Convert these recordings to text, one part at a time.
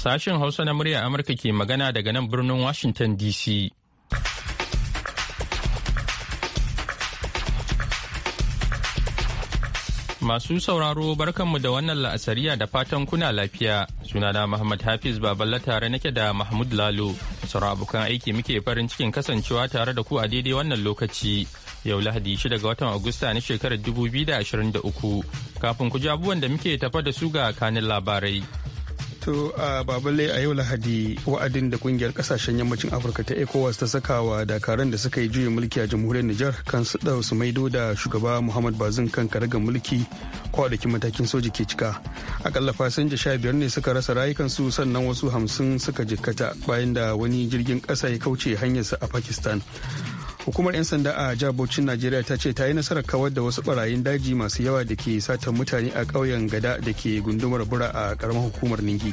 Sashen Hausa na murya Amurka ke magana daga nan birnin Washington DC. Masu sauraro barkanmu da wannan la'asariya da fatan kuna lafiya. Sunana Muhammad Hafiz Baballa tare nake da Mahmud Lalo. Sauran abokan aiki muke farin cikin kasancewa tare da ku a daidai wannan lokaci. Yau Lahadi shida ga watan Agusta na shekarar 2023. Kafin ku ji abubuwan da muke tafa da su ga kanin labarai. To a babale a yau Lahadi wa'adin da kungiyar kasashen yammacin Afirka ta ECOWAS ta saka wa dakaran da suka yi juyin mulki a jamhuriyar Nijar kan su da su maido da shugaba Muhammad Bazin kan karagar mulki kwadakin matakin soji ke cika. Akalla fasinja sha biyar ne suka rasa rayukansu sannan wasu hamsin suka jikkata bayan da wani jirgin kasa ya kauce hanyarsa a Pakistan. hukumar 'yan sanda a jihar Bauchin Najeriya ta ce ta yi nasarar kawar da wasu barayin daji masu yawa da ke satan mutane a ƙauyen gada da ke gundumar bura a ƙaramar hukumar Ningi.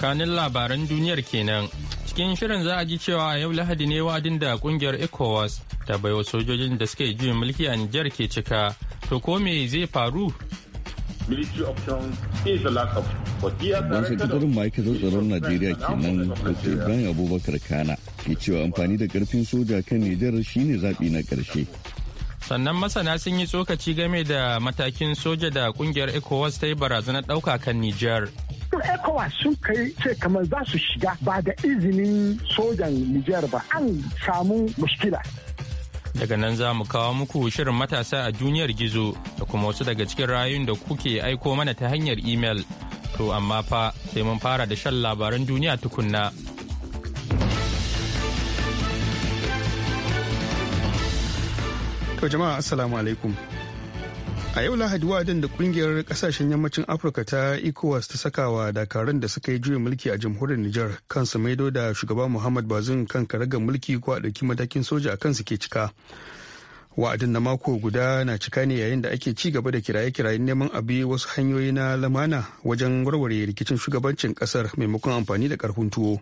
Kanin labaran duniyar kenan. Cikin shirin za a ji cewa yau Lahadi ne wadin da kungiyar ECOWAS ta baiwa sojojin da suke juyin mulki a Nijar ke cika. To ko me zai faru military option is ma'aikatar tsaron Najeriya kenan Dr. Ibrahim Abubakar Kana ke cewa amfani da karfin soja kan Nijar shine zaɓi na ƙarshe. Sannan masana sun yi tsokaci game da matakin soja da kungiyar ECOWAS ta yi barazanar ɗauka kan Nijar. sun ekowa sun kai ce kamar za su shiga ba da izinin sojan Nijar ba an samu mushkila. Daga nan za mu kawo muku shirin matasa a duniyar gizo da kuma wasu daga cikin rayun da kuke aiko mana ta hanyar imel. To amma fa sai mun fara da shan labaran duniya tukunna. To jama'a assalamu alaikum. a yau lahadi wadan da kungiyar kasashen yammacin afirka ta ecowas ta sakawa dakaran da suka yi juya mulki a jamhuriyar nijar kansu maido da shugaba muhammad bazin kan karaga mulki ko a ɗauki matakin soja a kansu ke cika wa'adin na mako guda na cika ne yayin da ake ci gaba da kiraye-kirayen neman abi wasu hanyoyi na lamana wajen warware rikicin shugabancin kasar maimakon amfani da karfin tuwo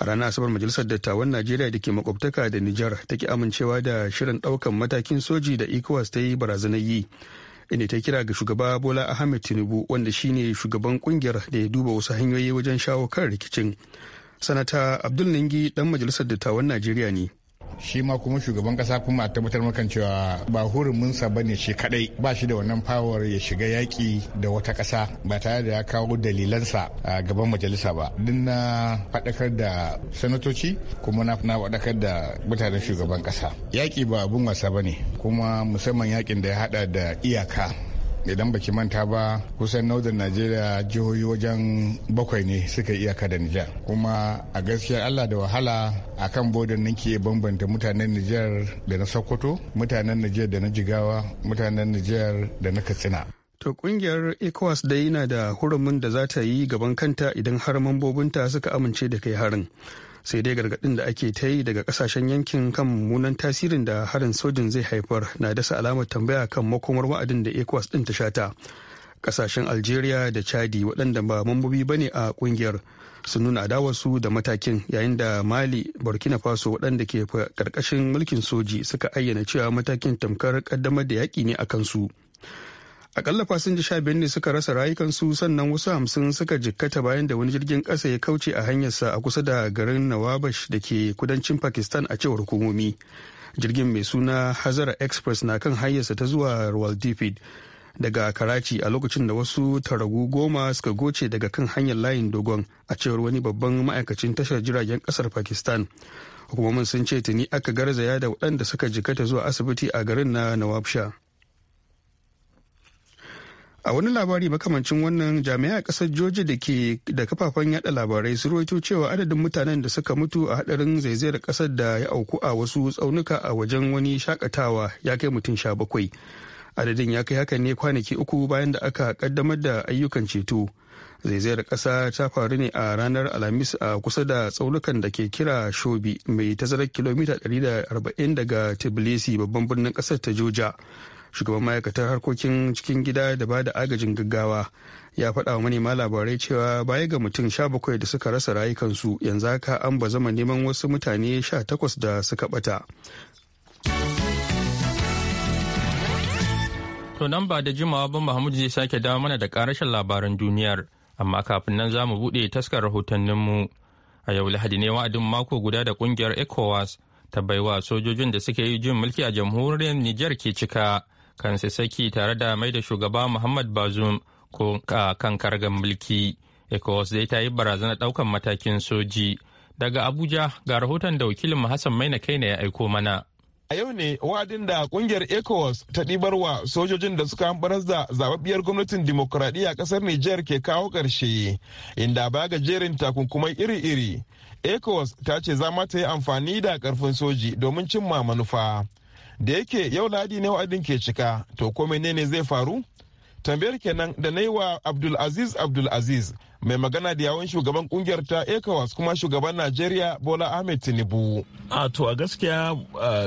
a ranar asabar majalisar dattawan najeriya da ke makwabtaka da nijar ta ki amincewa da shirin daukan matakin soji da ecowas ta yi barazanar yi inda ta kira ga shugaba bola ahmed tinubu wanda shine shugaban kungiyar da ya duba wasu hanyoyi wajen shawo kan rikicin sanata abdul ningi dan majalisar dattawan najeriya ne shi ma kuma shugaban kasa kuma a tabbatar makan cewa ba huruminsa ba ne shi kadai ba shi da wannan power ya shiga yaki da wata kasa ba tare da ya kawo dalilansa a gaban majalisa ba din na faɗakar da sanatoci kuma na faɗakar da mutanen shugaban kasa yaki ba abun wasa bane kuma musamman yakin da ya hada da iyaka idan baki manta ba kusan northern najeriya jihohi wajen bakwai ne suka iyaka da nijar kuma a gaskiya allah da wahala a kan bodin ninki bambanta mutanen nijar da na sokoto mutanen nijar da na jigawa mutanen nijar da na katsina To kungiyar ECOWAS dai na da hurumin da za ta yi gaban kanta idan har mambobinta suka amince da kai harin. sai dai gargaɗin da ake ta yi daga kasashen yankin kan mummunan tasirin da harin sojin zai haifar na dasa alamar tambaya kan makomar wa'adin da ecowas din ta shata kasashen algeria da chadi waɗanda ba mambobi bane a ƙungiyar sun nuna adawarsu da matakin yayin da mali burkina faso waɗanda ke karkashin mulkin soji suka ayyana cewa matakin tamkar ƙaddamar da yaƙi ne a kansu akalla fasinja sha biyar ne suka rasa rayukansu sannan wasu hamsin suka jikkata bayan da wani jirgin ƙasa ya kauce a hanyarsa a kusa da garin nawabash da ke kudancin pakistan a cewar hukumomi jirgin mai suna hazara express na kan hanyarsa ta zuwa rawalpindi daga karachi a lokacin da wasu taragu goma suka goce daga kan hanyar layin dogon a cewar wani babban ma'aikacin tashar jiragen kasar pakistan hukumomin sun ce tuni aka garzaya da waɗanda suka jikkata zuwa asibiti a garin na nawabsha a wani labari makamancin wannan jami'a kasar georgia da ke da kafafen yada labarai su ruwaito cewa adadin mutanen da suka mutu a hadarin zaizayar kasar da ya auku a wasu tsaunuka a wajen wani shakatawa ya kai mutum sha bakwai adadin ya kai haka ne kwanaki uku bayan da aka kaddamar da ayyukan ceto zaizayar kasa ta faru ne a ranar alhamis a kusa da tsaunukan da ke kira shobi mai tazarar kilomita 140 daga tbilisi babban birnin kasar ta joja shugaban ma'aikatar harkokin cikin gida da ba da agajin gaggawa ya faɗa wa manema labarai cewa baya ga mutum sha bakwai da suka rasa rayukansu yanzu haka an ba zama neman wasu mutane sha takwas da suka ɓata. To nan ba da jimawa ba Mahmud zai sake dawo mana da karashin labaran duniyar, amma kafin nan za mu buɗe taskar rahotanninmu. A yau Lahadi ne wa'adin mako guda da kungiyar ECOWAS ta baiwa sojojin da suke yi jin mulki a jamhuriyar Nijar ke cika kan saki tare da mai da shugaba muhammad bazoum kan kargan mulki ecowas dai ta yi barazanar daukan matakin soji daga abuja ga rahoton da wakilin hassan maina na ya aiko mana a yau ne wa'adin da kungiyar ecowas ta ɗibarwa sojojin da suka hambarar da zababbiyar gwamnatin dimokuraɗiyya ƙasar nijar ke kawo ƙarshe inda baya ga jerin takunkumai iri-iri ecowas ta ce za ma ta yi amfani da ƙarfin soji domin cimma manufa da yake yau ladi ne wa'adin ke cika to ko menene zai faru tambayar kenan da na yi wa abdulaziz abdulaziz mai magana da yawon shugaban kungiyar ta ecowas kuma shugaban najeriya bola ahmed tinubu a to a gaskiya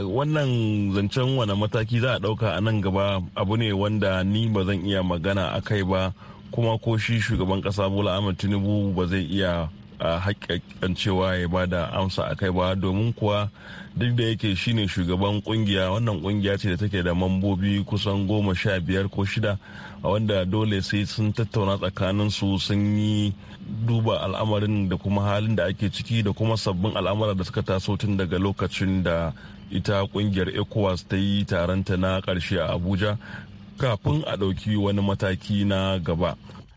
wannan zancen wani mataki za a dauka a nan gaba abu ne wanda ni ba zan iya magana a kai ba kuma ko shi shugaban kasa bola ahmed tinubu ba zai iya haƙƙaƙƙen cewa ya ba da amsa a kai ba domin kuwa duk da yake shine shugaban kungiya wannan kungiya ce da take da mambobi kusan goma sha biyar ko shida wanda dole sai sun tattauna tsakanin su sun yi duba al'amarin da kuma halin da ake ciki da kuma sabbin al'amura da suka taso tun daga lokacin da ita kungiyar ecowas ta yi taronta na karshe a abuja kafin a ɗauki wani mataki na gaba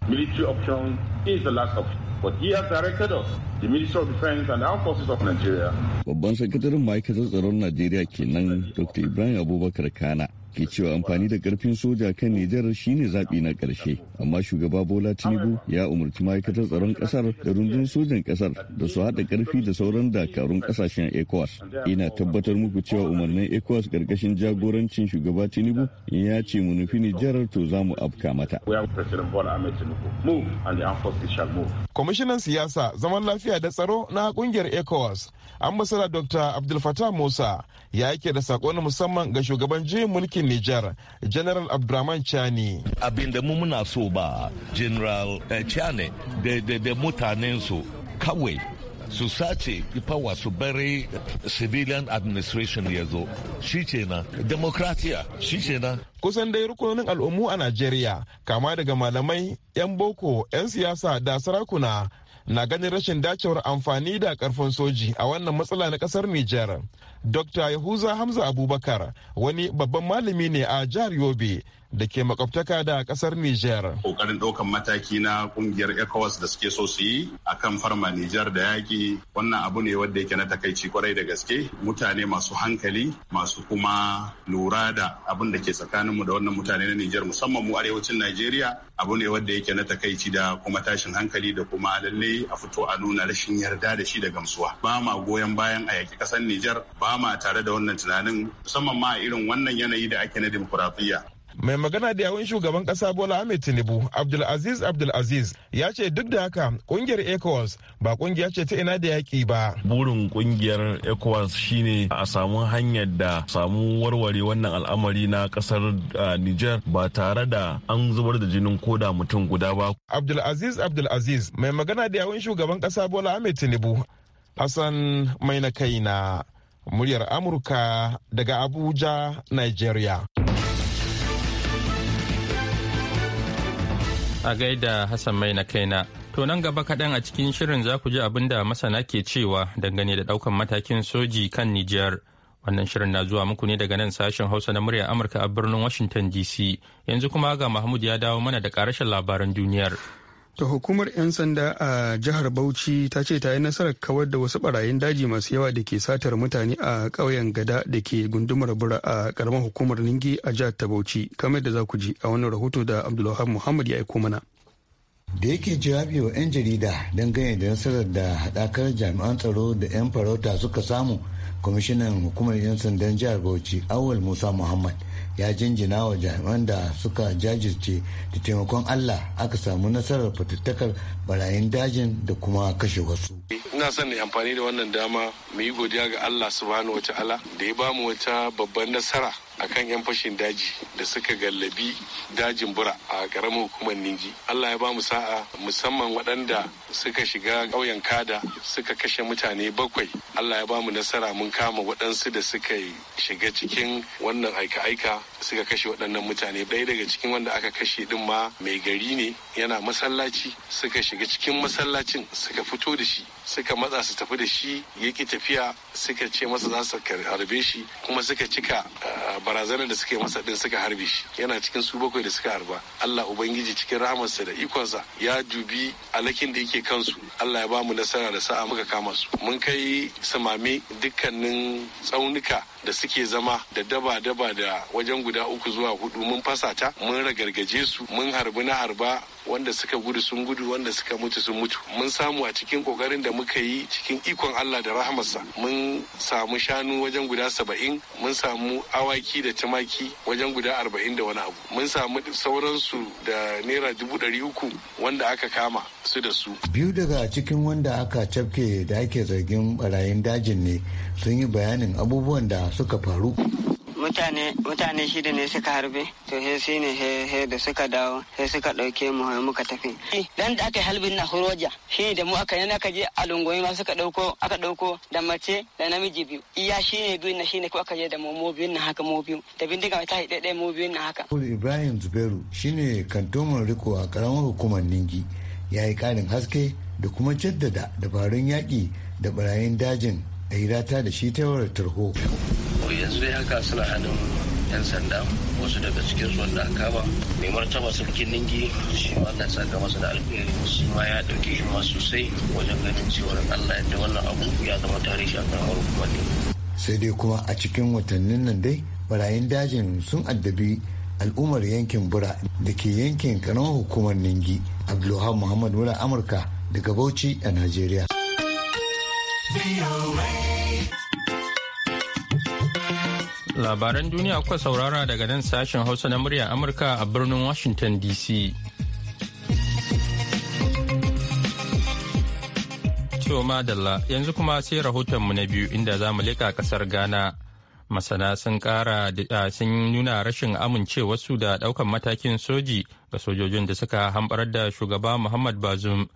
military option is the last option. But he has directed us, the Minister of Defense and Armed Forces of Nigeria. Babban sakataren ma'aikatar tsaron Najeriya kenan Dr. Ibrahim Abubakar Kana ke cewa amfani da karfin soja kan Nijar shine zaɓi na ƙarshe. Amma shugaba Bola Tinubu ya umarci ma'aikatar tsaron ƙasar da rundun sojan ƙasar da su haɗa ƙarfi da sauran dakarun ƙasashen ECOWAS. Ina tabbatar muku cewa umarnin ECOWAS ƙarƙashin jagorancin shugaba Tinubu ya ce mu nufi Nijar to za mu afka mata. Kwamishinan siyasa zaman lafiya da tsaro na kungiyar ECOWAS ambasada Dr. Abdul Fattah Musa ya yake da saƙon musamman ga shugaban juyin mulkin Nijar, General Abdurrahman Chani. Abin da mu muna so ba, General eh, Chani da mutanen su kawai su sace fawa su bari civilian administration ya zo shi ce na demokratiya shi ce na kusan dai rukunonin al'ummu a najeriya kama daga malamai 'yan boko 'yan siyasa da sarakuna na ganin rashin dacewar amfani da karfin soji a wannan matsala na kasar nijar dr yahuza hamza abubakar wani babban malami ne a jihar yobe da ke makwabtaka da kasar nijar kokarin ɗaukan mataki na kungiyar ecowas da suke so su yi a kan farma Nijar da yaƙi wannan abu ne wanda yake na takaici kwarai da gaske mutane masu hankali masu kuma lura da abin da ke tsakaninmu da wannan mutane na Nijar musamman mu arewacin najeriya abu ne wanda yake na takaici da kuma tashin hankali da kuma lalle a fito a nuna rashin yarda da shi da gamsuwa ba ma goyon bayan a yaƙi ƙasar Nijar ba ba tare da wannan tunanin musamman ma irin wannan yanayi da ake na dimokurafiya. mai magana da yawun shugaban kasa bola ahmed tinubu abdulaziz abdulaziz ya ce duk da haka kungiyar ecowas ba kungiya ce ta ina da yaƙi ba burin kungiyar ecowas shine a samu hanyar da samu warware wannan al'amari na kasar niger ba tare da an zubar da jinin koda mutum guda ba abdulaziz abdulaziz mai magana da yawun shugaban kasa bola ahmed tinubu hassan mai na kaina muryar Amurka daga Abuja, Nigeria. A gaida Hassan mai na kaina. To nan gaba kaɗan a cikin shirin za ku ji abin da masana ke cewa dangane da ɗaukan matakin soji kan Nijar. Wannan shirin na zuwa muku ne daga nan sashen Hausa na muryar Amurka a birnin Washington DC. Yanzu kuma ga Mahmud ya dawo mana da ƙarashin labaran duniyar. ta hukumar 'yan sanda a jihar bauchi ta ce ta yi nasarar kawar da wasu barayin daji masu yawa da ke satar mutane a ƙauyen gada da ke gundumar bura a karamar hukumar ningi a jihar ta bauchi kamar da za ku ji a wannan rahoto da abdulwahab muhammad ya aiko mana da yake jawabi wa 'yan jarida dangane da nasarar da haɗakar jami'an tsaro da 'yan farauta suka samu kwamishinan hukumar yan sandan jihar bauchi awal musa muhammad ya jinjina wa jami'an da suka jajirce da taimakon allah aka samu nasarar fatattakar barayin dajin da kuma kashe wasu ina son ne amfani da wannan dama mu yi godiya ga allah subhanahu wa ta'ala da ya bamu wata babban nasara akan yan fashin daji da suka gallabi dajin bura a karamin hukumar ninji allah ya ba mu sa'a musamman waɗanda suka shiga ƙauyen kada suka kashe mutane bakwai allah ya ba mu nasara mun kama waɗansu da suka shiga cikin wannan aika-aika suka kashe waɗannan mutane ɗaya daga cikin wanda aka kashe din ma mai gari ne yana masallaci suka shiga cikin masallacin suka fito da shi suka matsa su tafi da shi yake tafiya suka ce masa za su harbe shi kuma suka cika ah, barazanar da suka masa din suka harbe shi yana cikin su bakwai da suka harba Allah ubangiji cikin rahamarsa da ikonsa ya dubi alakin da yake kansu Allah ya ba mu nasara da sa'a muka kama su mun kai samame dukkanin tsaunuka da suke zama da daba-daba da wajen guda uku zuwa hudu mun fasa ta mun ragargaje su mun harbi na harba wanda suka gudu sun gudu wanda suka mutu sun mutu mun samu a cikin kokarin da muka yi cikin ikon Allah da rahamarsa mun samu shanu wajen guda saba'in mun samu awaki da tumaki wajen guda arba'in da wani abu mun samu sauransu da naira dubu ɗari uku wanda aka kama su da su biyu daga cikin wanda aka cafke da ake zargin barayin dajin ne sun yi bayanin abubuwan da suka faru mutane mutane shida ne suka harbe to he shi ne he da suka dawo he suka dauke mu he muka tafi eh, dan da aka halbin na horoja shi da mu aka yana ka je a lungoyi ma suka dauko aka dauko da mace da namiji biyu iya shi ne biyu na shi ne ko aka je da mu mu biyu na haka mu biyu da bin diga ta haɗe mu biyu na haka Ibrahim Zubairu shine kantoman riko a karamar hukumar Ningi ya yi karin haske da kuma jaddada dabarun yaƙi da barayin dajin a yi rata da shi ta yawar tarho. yanzu dai haka suna hannun 'yan sanda wasu daga cikin su wanda aka ba mai martaba sarkin ningi shi ma ta saka masa da alheri shi ma ya dauke shi ma sosai wajen ganin cewar Allah yadda wannan abu ya zama tarihi a kan kuma ne. sai dai kuma a cikin watannin nan dai barayin dajin sun addabi al'ummar yankin bura da ke yankin karamar hukumar ningi abdulhamid muhammad wura amurka daga bauchi a najeriya. Labaran duniya kuka saurara daga nan sashen Hausa na murya Amurka a birnin Washington DC. Cewa madalla yanzu kuma sai rahotonmu na biyu inda za mu leƙa ƙasar Ghana. Masana sun ƙara sun nuna rashin amincewarsu da ɗaukan matakin soji ga sojojin da suka hamɓarar da shugaba Muhammad Bazoum.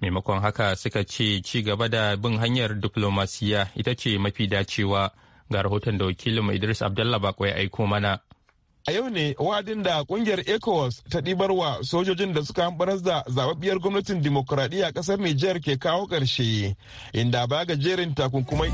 maimakon haka suka ce ci gaba da bin hanyar diplomasiya ita ce mafi dacewa ga rahoton da wakilin idris abdullah bakwai aiko mana a yau ne wa'adin da kungiyar ecowas ta ɗibarwa sojojin da suka hamɓarar da zababbiyar gwamnatin dimokuraɗiyya ƙasar nijar ke kawo ƙarshe inda ba ga jerin takunkumai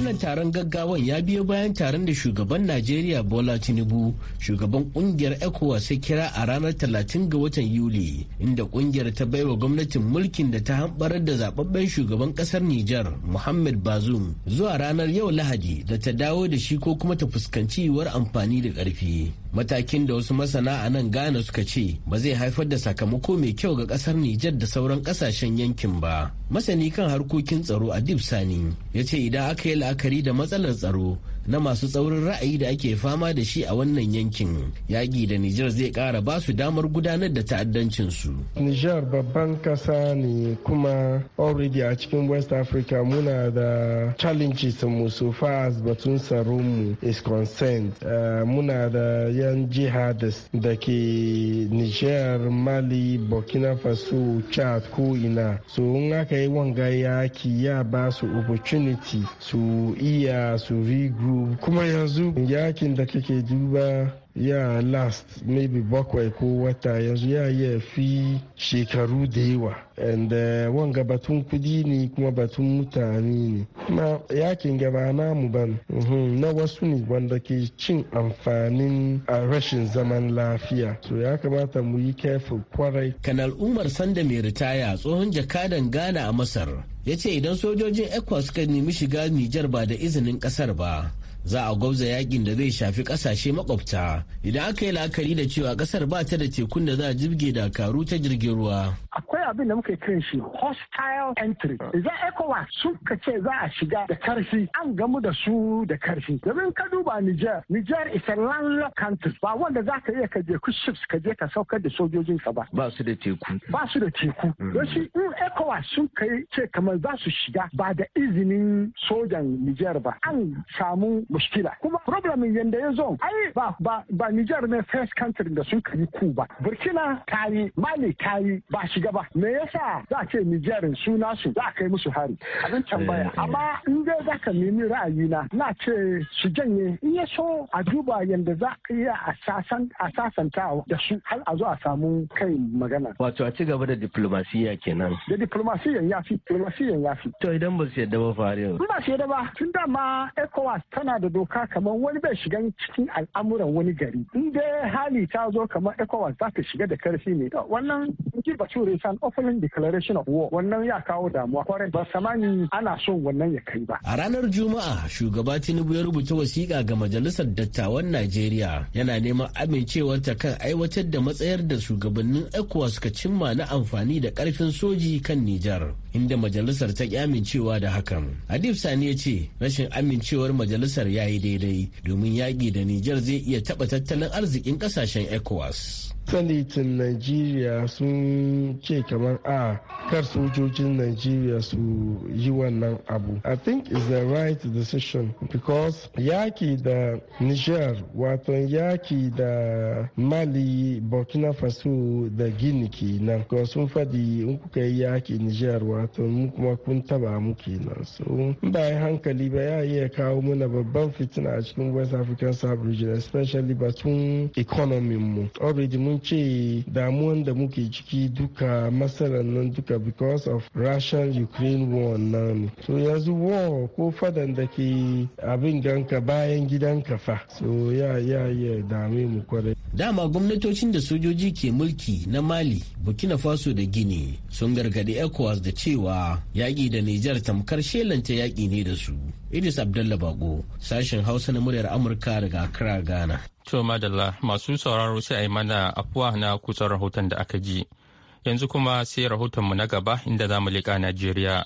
Wannan taron gaggawan ya biyo bayan taron da shugaban Najeriya Bola Tinubu, shugaban kungiyar ECOWAS ya kira a ranar 30 ga watan Yuli, inda kungiyar ta baiwa gwamnatin mulkin da ta hambarar da zababben shugaban kasar Nijar, Muhammad Bazoum, zuwa ranar yau Lahadi da ta dawo da shi ko kuma ta fuskanci yiwuwar amfani da karfi Matakin da wasu masana a nan Ghana suka ce ba zai haifar da sakamako mai kyau ga kasar Nijar da sauran kasashen yankin ba. Masani kan harkokin tsaro a Adib Sani ya ce idan aka yi la'akari da matsalar tsaro na masu tsaurin ra'ayi da ake fama da shi a wannan yankin yaƙi da Nijar zai ƙara ba su damar gudanar da ta'addancinsu. Nijar babban ƙasa ne kuma already a cikin West Africa muna da challenges mu so far as batun tsaron mu is concerned. Uh, muna da yan jihadist da ke Nijar, Mali, Burkina Faso, Chad ko ina. So in aka yi wanga yaki ya ba su opportunity su iya su rigu kuma yanzu yakin da kake duba ya last maybe bakwai ko wata yanzu ya yi fi shekaru da yawa and uh, wanga batun kudi ne kuma batun mutane ne kuma yakin gaba namu ban mhm, na wasu ne wanda ke cin amfanin a rashin zaman lafiya so ya kamata mu yi careful kwarai kanal umar sanda mai ritaya tsohon jakadan ghana a masar ya ce idan sojojin ecuador suka nemi shiga nijar ba da izinin kasar ba za a gwabza yakin da zai shafi kasashe makwabta idan aka yi la'akari da cewa kasar ba ta da tekun da za a jibge dakaru ta jirgin ruwa. akwai abin da muka kiran shi hostile entry idan ecowas sun ka ce za a shiga da karfi an gamu da su da karfi domin ka duba niger niger is a landlocked country ba wanda za ka iya ka je ku ships ka je ka saukar da sojojin ka ba ba su da teku ba su da teku hmm. don shi in ecowas sun kai ce kamar za su shiga ba da izinin sojan niger ba an samu mushkila kuma problem yanda ya zo ai ba ba ba Niger ne first country da sun yi ku ba Burkina tayi Mali tayi ba shiga ba me yasa za ce Niger su nasu za kai musu hari abin tambaya eh. amma in dai za ka nemi ra'ayi na na ce su janye in ya so a duba yanda za ka iya a sasanta da su har a zo a samu kai magana wato a ci gaba da diplomasiya kenan da diplomasiya ya fi diplomasiya ya fi to idan ba su yadda ba fare ba su yadda ba tun da ma ECOWAS tana da doka kamar wani bai shiga cikin al'amuran wani gari in dai hali ta zo kamar ecowas za ta shiga da karfi ne wannan ji bature san offering declaration of war wannan ya kawo damuwa kwarai ba samani ana son wannan ya kai ba a ranar juma'a shugaba tinubu ya rubuta wasiƙa ga majalisar dattawan najeriya yana neman amincewar ta kan aiwatar da matsayar da shugabannin ecowas ka cimma na amfani da karfin soji kan nijar inda majalisar ta amincewa da hakan adif sani ya ce rashin amincewar majalisar ya yi daidai domin yaƙi da Nijar zai iya taɓa tattalin arzikin ƙasashen ECOWAS. Sanitin Najeriya sun ce kamar a kar sojojin Najeriya su yi wannan abu. I think is the right decision because yaki da Niger wato yaki da Mali, Burkina Faso da Guinea kenan. Ko sun fadi in kuka yi yaki Niger wato mu kuma kun taba mu kenan. So ba hankali ba ya iya kawo mana babban don fitina a cikin west african sub-region especially batun economy mu already mun ce damuwan da muke ciki duka masarar nan duka because of russian ukraine war nan so yanzu war ko fadan da ke abin ganka bayan ka fa so ya ya ya dame mu kwarai dama gwamnatocin da sojoji ke mulki na mali burkina faso da gini sun gargadi ecowas da cewa yaƙi da nijar tamkar shelanta yaƙi ne da su Idris Abdullah Bako, sashen Hausa na muryar Amurka daga Accra, Ghana. To madalla masu sauraro sai a yi mana afuwa na kusan rahoton da aka ji. Yanzu kuma sai rahotonmu na gaba inda za mu leƙa Najeriya.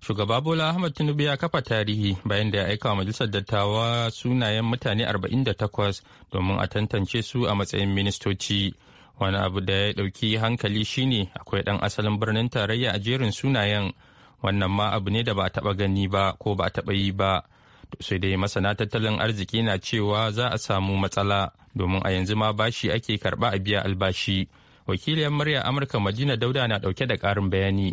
Shugaba Bola Ahmad Tinubu ya kafa tarihi bayan da ya aika wa Majalisar Dattawa sunayen mutane 48 domin a tantance su a matsayin ministoci. Wani abu da ya ɗauki hankali shine akwai ɗan asalin birnin tarayya a jerin sunayen wannan ma abu ne da ba a taɓa gani ba ko ba a taɓa yi ba sai dai masana tattalin arziki na cewa za a samu matsala domin a yanzu ma bashi ake karɓa a biya albashi wakiliyar murya amurka madina dauda na ɗauke da ƙarin bayani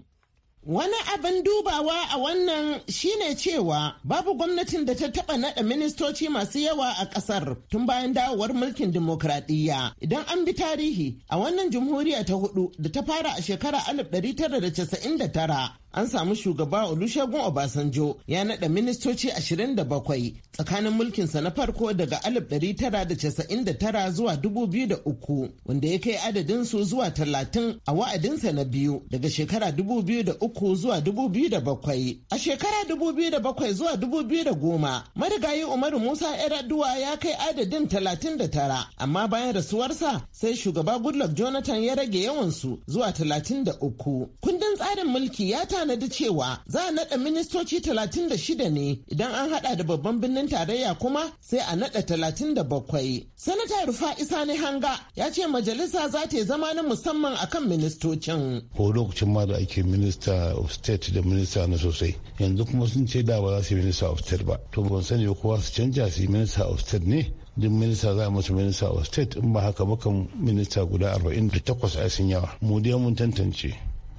Wani abin dubawa a wannan shine cewa babu gwamnatin da ta taba nada ministoci masu yawa a kasar tun bayan dawowar mulkin dimokuraɗiyya. Idan an bi tarihi a wannan jamhuriya ta hudu da ta fara a shekara 1999 an samu shugaba Olusegun Obasanjo ya naɗa ministoci 27 tsakanin mulkinsa na farko daga 1999 zuwa 2003 wanda ya kai adadin su zuwa 30 a wa'adinsa na biyu daga shekara 2003 zuwa 2007. A shekara 2007 zuwa 2010 marigayi Umaru Musa eraduwa ya kai adadin 39 amma bayan rasuwarsa sai shugaba Goodluck Jonathan ya rage yawansu zuwa 33. Kundin tsarin mulki ya ta tanadi cewa za a naɗa ministoci 36 ne idan an haɗa da babban birnin tarayya kuma sai a naɗa 37. Sanata Rufa sani Hanga ya ce majalisa za ta zama na musamman akan ministocin. Ko lokacin ma da ake minista of state da minista na sosai yanzu kuma sun ce da ba za su yi minista of state ba. To ban sani ba kowa su canja su yi minista of state ne duk minista za musu minista of state in ba haka ba minista guda 48 a sun yawa mu dai mun tantance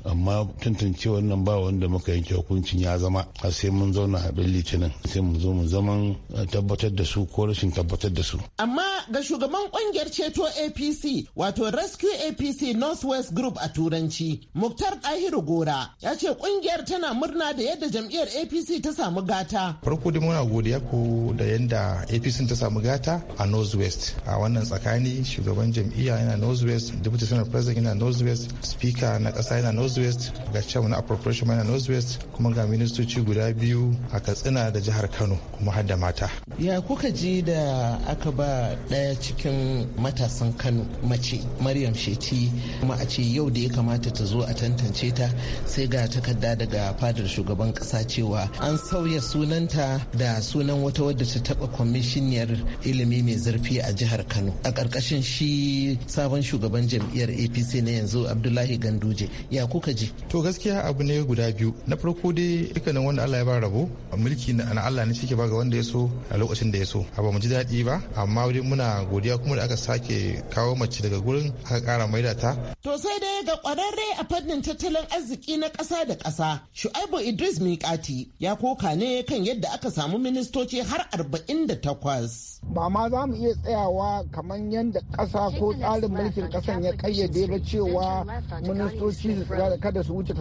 amma tantance wannan ba wanda muka yanke hukuncin ya zama a sai mun zauna a litinin sai mu zo mu zaman tabbatar da su ko rashin tabbatar da su amma ga shugaban kungiyar ceto APC wato Rescue APC Northwest Group a Turanci, Muktar Dahiru Gora ya ce kungiyar tana murna da yadda jam'iyyar APC ta samu gata. Farko da muna godiya ku da yadda APC ta samu gata a Northwest. A wannan tsakani shugaban jam'iyya yana Northwest, Deputy senator President yana Northwest, Speaker na ƙasa yana Northwest, ga Chairman Appropriation yana Northwest, kuma ga ministoci guda biyu a Katsina da jihar Kano kuma har da mata. Ya kuka ji da aka ba ɗaya cikin matasan kano mace maryam sheti kuma a ce yau da ya kamata ta zo a tantance ta sai ga takarda daga fadar shugaban ƙasa cewa an sauya sunanta da sunan wata wadda ta taɓa kwamishiniyar ilimi mai zurfi a jihar kano a ƙarƙashin shi sabon shugaban jam'iyyar apc na yanzu abdullahi ganduje ya kuka ji to gaskiya abu ne guda biyu na farko dai dukkanin wanda allah ya ba rabo mulki na allah ne shi ke ba ga wanda ya so a lokacin da ya so a ba mu ji daɗi ba amma muna muna godiya kuma da aka sake kawo mace daga gurin aka kara maida ta. To sai dai ga kwararre a fannin tattalin arziki na ƙasa da ƙasa Shu'aibu Idris Mikati ya koka ne kan yadda aka samu ministoci har 48. Ba ma za mu iya tsayawa kamar yadda ƙasa ko tsarin mulkin ƙasan ya kayyade ba cewa ministoci kada su wuce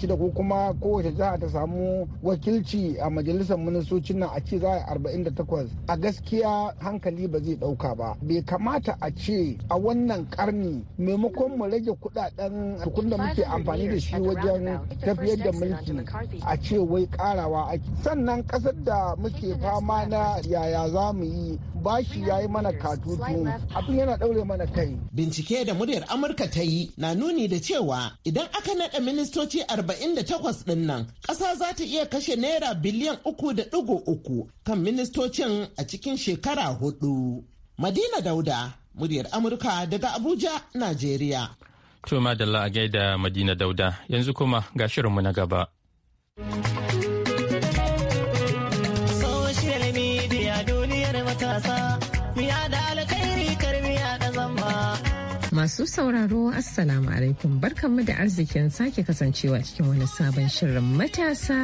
shida ko kuma kowace jiha ta samu wakilci a majalisar ministocin nan a ce za a 48. A gaskiya hankali ba zai ɗauka. ɗauka ba bai kamata a ce a wannan karni maimakon mu rage kudaden tukun da muke amfani da shi wajen tafiyar da mulki a ce wai karawa ake sannan kasar da muke fama na yaya za mu yi bashi ya yi mana katutu abin yana daure mana kai bincike da muryar amurka ta yi na nuni da cewa idan aka naɗa ministoci 48 din nan ƙasa za ta iya kashe naira biliyan uku da uku kan ministocin a cikin shekara hudu. Madina Dauda, muryar Amurka daga Abuja, Najeriya. To Madalla a gaida Madina Dauda, yanzu kuma ga shirinmu na gaba. Social media duniyar matasa, Masu sauraro Assalamu alaikum barkanmu da arzikin sake kasancewa cikin wani sabon shirin matasa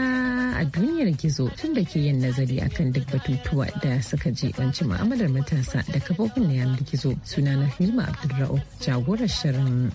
a duniyar gizo tun da ke yin nazari akan duk batutuwa da suka jibanci mu'amalar matasa da kafofin na yanar gizo suna na hilma Abdulra'u jagorar shirin.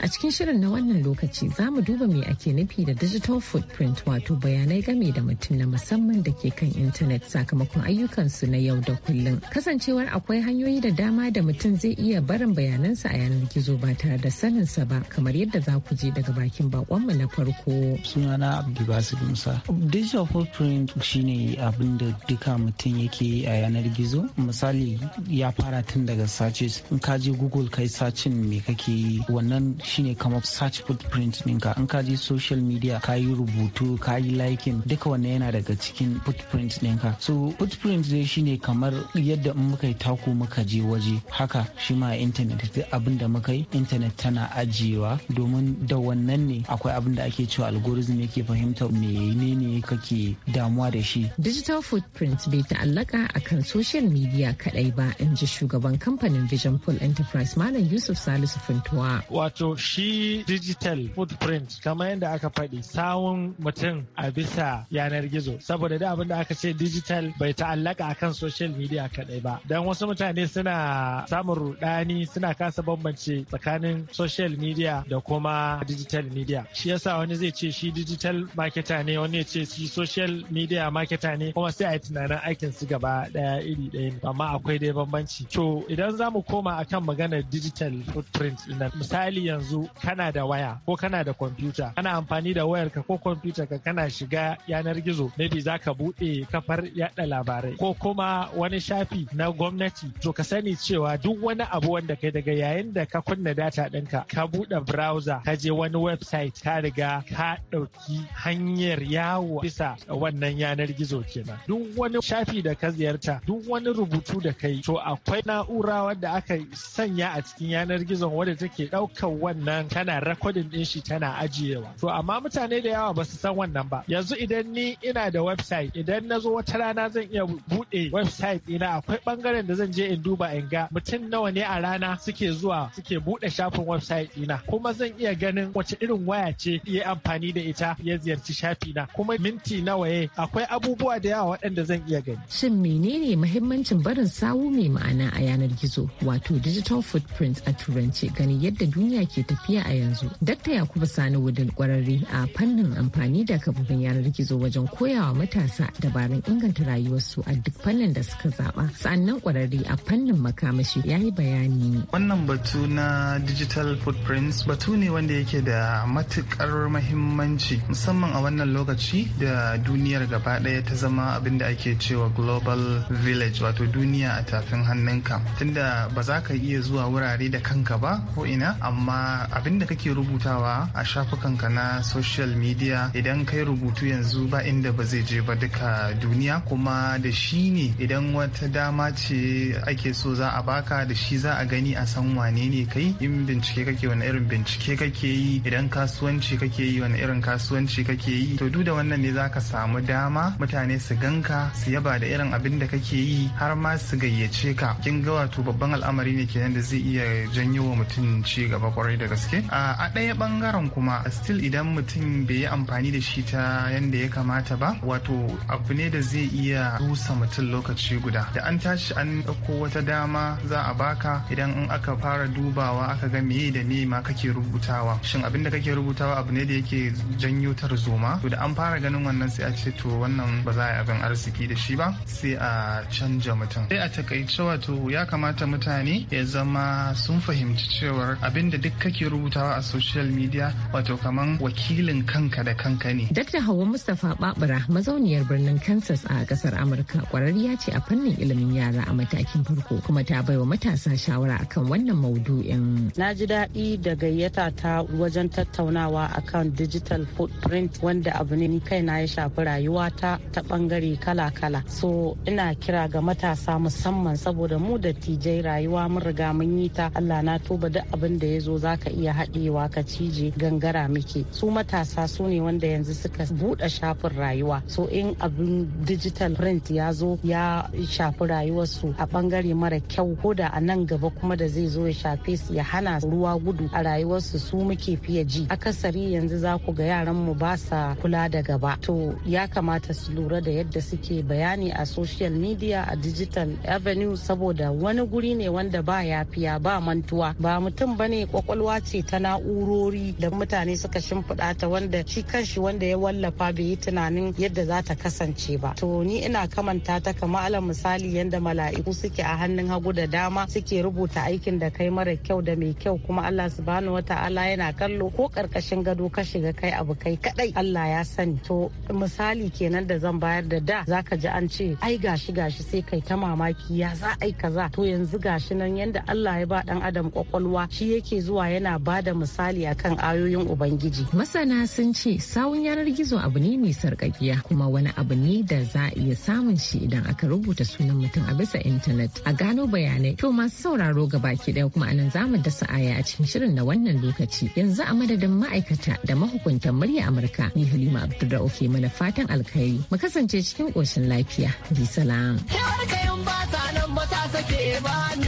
A cikin shirin na wannan lokaci za mu duba me ake nufi da digital footprint wato bayanai game da mutum na musamman da ke kan intanet sakamakon ayyukansu na yau da kullum. Kasancewar akwai hanyoyi da dama da mutum zai iya barin bayanansa a yanar gizo ba tare da saninsa ba kamar yadda za ku je daga bakin bakonmu na farko. Sunana Abdulbasir Musa. Digital footprint shine abin da duka mutum yake a yanar gizo. Misali ya fara tun daga searches in ka je Google kai sacin me kake yi wannan shine shine kamar search footprint ɗinka in ka je social media ka yi rubutu ka yi liking duka wannan yana daga cikin footprint ninka so footprint dai shine kamar yadda in muka yi taku muka je waje haka shi ma intanet duk abin da muka yi intanet tana ajiyewa domin da wannan ne akwai abin da ake cewa algorithm yake fahimtar menene kake damuwa da shi digital footprint bai ta'allaka akan social media kadai ba in ji shugaban kamfanin vision pool enterprise malam yusuf salisu funtuwa Wato shi digital footprint kamar yadda aka faɗi sawun mutum a bisa yanar gizo. Saboda da abin da aka ce digital bai ta'allaka akan social media kaɗai ba. Dan wasu mutane suna samun rudani suna kasa bambance tsakanin social media da kuma digital media. Shi yasa wani zai ce shi digital marketer ne wani ya ce shi social media marketer ne kuma sai a yi tunanin aikin su gaba ɗaya iri ɗaya amma akwai dai bambanci. To idan za mu koma akan maganar digital footprint misali yanzu kana da waya ko kana da kwamfuta kana amfani da wayarka ko kwamfuta ka kana shiga yanar gizo maybe za ka buɗe kafar yaɗa labarai ko kuma wani shafi na gwamnati to ka sani cewa duk wani abu wanda kai daga yayin da ka kunna data ɗinka ka buɗe browser ka je wani website ka riga ka ɗauki hanyar yawo bisa wannan yanar gizo kenan duk wani shafi da ka ziyarta duk wani rubutu da kai to akwai na'ura wadda aka sanya a cikin yanar gizon wadda take ɗaukar wannan tana rekodin din shi tana ajiyewa to amma mutane da yawa ba su san wannan ba yanzu idan ni ina da website idan na zo wata rana zan iya buɗe website ɗina akwai bangaren da zan je in duba in ga mutum nawa ne a rana suke zuwa suke buɗe shafin website ina kuma zan iya ganin wace irin waya ce ya amfani da ita ya ziyarci shafi na kuma minti nawa ne akwai abubuwa da yawa waɗanda zan iya gani. Shin menene mahimmancin barin sawu mai ma'ana a yanar gizo wato digital footprint a turanci gani yadda duniya ke tafiya a yanzu. Dakta Yakubu Sani Wudil kwararre a fannin amfani da kafofin yanar gizo wajen koyawa matasa dabarun inganta rayuwarsu a duk fannin da suka zaba. sannan kwararre a fannin makamashi ya yi bayani. Wannan batu na digital footprints batu ne wanda yake da matukar mahimmanci musamman a wannan lokaci da duniyar gaba ɗaya ta zama abin da ake cewa global village wato duniya a tafin hannunka tunda ba za ka iya zuwa wurare da kanka ba ko ina amma abin da kake rubutawa a shafukanka na social media idan kai rubutu yanzu ba inda ba zai je ba duka duniya kuma da shi ne idan wata dama ce ake so za a baka da shi za a gani a san wane ne kai in bincike kake wani irin bincike kake yi idan kasuwanci kake yi wani irin kasuwanci kake yi to duk da wannan ne zaka samu dama mutane su ganka su yaba da irin abin da kake yi har ma su gayyace ka kin ga wato babban al'amari ne kenan da zai iya janyo wa mutum ci gaba kwarai da gaske a ɗaya bangaren kuma still idan mutum bai yi amfani da shi ta yadda ya kamata ba wato abu ne da zai iya rusa mutum lokaci guda da an tashi an ɗauko wata dama za a baka idan in aka fara dubawa aka ga meye da me ma kake rubutawa shin abin da kake rubutawa abu ne da yake janyo tarzoma to da an fara ganin wannan sai a ce to wannan ba za a yi abin arziki da shi ba sai a canja mutum sai a takaice wato ya kamata mutane ya zama sun fahimci cewar abin da duk kake rubutawa a social media wato kaman wakilin kanka da kanka ne. Dakta Hauwa Mustapha Babura mazauniyar birnin Kansas a kasar Amurka kwararriya ce a fannin ilimin yara a matakin farko kuma ta baiwa matasa shawara akan wannan maudu'in. Na ji daɗi da gayyata ta wajen tattaunawa akan digital footprint wanda abu ne ni kaina ya shafi rayuwata ta bangare kala-kala. So ina kira ga matasa musamman saboda mu da tijai rayuwa mun riga mun yi ta Allah na tuba duk abin da ya zo za ka iya haɗewa ka cije gangara muke su matasa su ne wanda yanzu suka buɗe shafin rayuwa so in abin digital print ya zo ya shafi rayuwarsu a bangare mara kyau ko da a nan gaba kuma da zai zo ya shafe su ya hana ruwa gudu a rayuwarsu su muke fiye ji akasari yanzu za ku ga yaran mu ba sa kula da gaba to ya kamata su lura da yadda suke bayani a social media a digital avenue saboda wani guri ne wanda ba yafiya ba mantuwa ba mutum bane kwakwalwa ce ta na'urori da mutane suka shimfiɗa ta wanda shi kanshi wanda ya wallafa bai yi tunanin yadda za ta kasance ba to ni ina kamanta ta kama alal misali yadda mala'iku suke a hannun hagu da dama suke rubuta aikin da kai mara kyau da mai kyau kuma Allah su bani wata allah yana kallo ko karkashin gado ka shiga kai abu kai kadai Allah ya sani to misali kenan da zan bayar da da zaka ji an ce ai gashi gashi sai kai ta mamaki ya za ai kaza to yanzu gashi nan yanda Allah ya ba dan adam kwakwalwa shi yake zuwa zuwa yana ba da misali akan ayoyin ubangiji masana sun ce sawun yanar gizo abu ne mai sarƙaƙiya. kuma wani abu ne da za a iya samun shi idan aka rubuta sunan mutum a bisa intanet a gano bayanai to masu sauraro gabaki daya kuma anan za mu dasa aya a cikin shirin na wannan lokaci yanzu a madadin ma'aikata da mahukuntan murya amurka ni halima abdulrauf ke mana fatan alkhairi mu kasance cikin koshin lafiya bi salam. Yar kayan ba ta nan ba ta sake ba ni.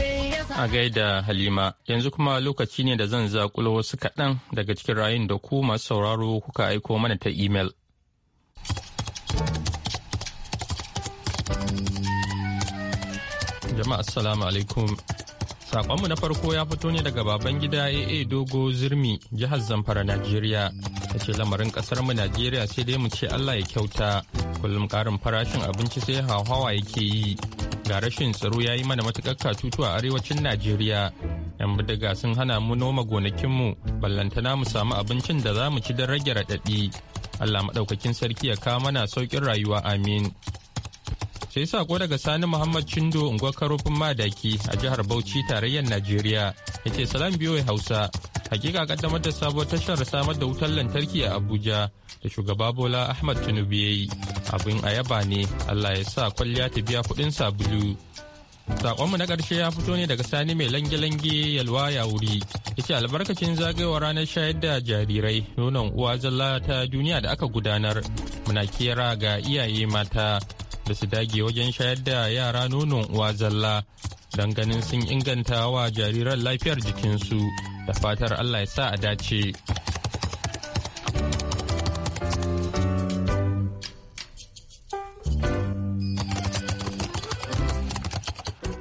A gaida Halima, yanzu kuma lokaci ne da zan zakulo wasu kaɗan daga cikin rayun da ku masu sauraro kuka aiko mana ta imel. Jama'a Assalamu alaikum. Sakonmu na farko ya fito ne daga baban gida AA Dogo Zirmi jihar Zamfara Najeriya. Ta ce lamarin kasar mu Najeriya sai dai mu ce Allah ya kyauta. Kullum karin farashin abinci sai hawa yake yi. Ga rashin tsaro ya yi mana matukar katutu a arewacin Najeriya. Yan bidiga sun hana mu noma gonakinmu ballantana mu samu abincin da za mu ci don rage raɗaɗi. Allah maɗaukakin sarki ya kawo mana sauƙin rayuwa amin. sai sako daga sani muhammad cindo unguwar karofin madaki a jihar bauchi tarayyar najeriya ya ce salam ya hausa hakika kaddamar da sabuwar tashar samar da wutar lantarki a abuja da shugaba bola ahmad tinubu ya yi abin a yaba ne allah ya sa kwalliya ta biya kuɗin sabulu Sakonmu na ƙarshe ya fito ne daga sani mai lange-lange yalwa ya wuri. ya ce albarkacin zagayowar ranar shayar da jarirai nonon uwa zalla ta duniya da aka gudanar. Muna kera ga iyaye mata da su dage wajen shayar da yara nonon uwa zalla don ganin sun inganta wa jariran lafiyar jikinsu da fatar allah ya sa a dace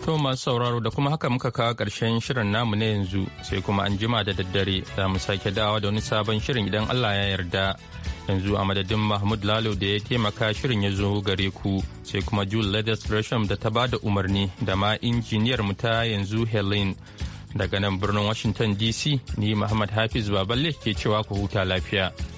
To masu sauraro da kuma haka muka kawo ƙarshen shirin namu na yanzu sai kuma an jima da daddare za mu sake dawa da wani sabon shirin idan Allah ya yarda. yanzu a madadin mahmud lalo da ya taimaka shirin ya zo gare ku sai kuma jule leathers gresham da ta bada umarni da ma injiniyar mu ta yanzu helen daga nan birnin washington dc ni muhammad hafiz baballe ke cewa ku huta lafiya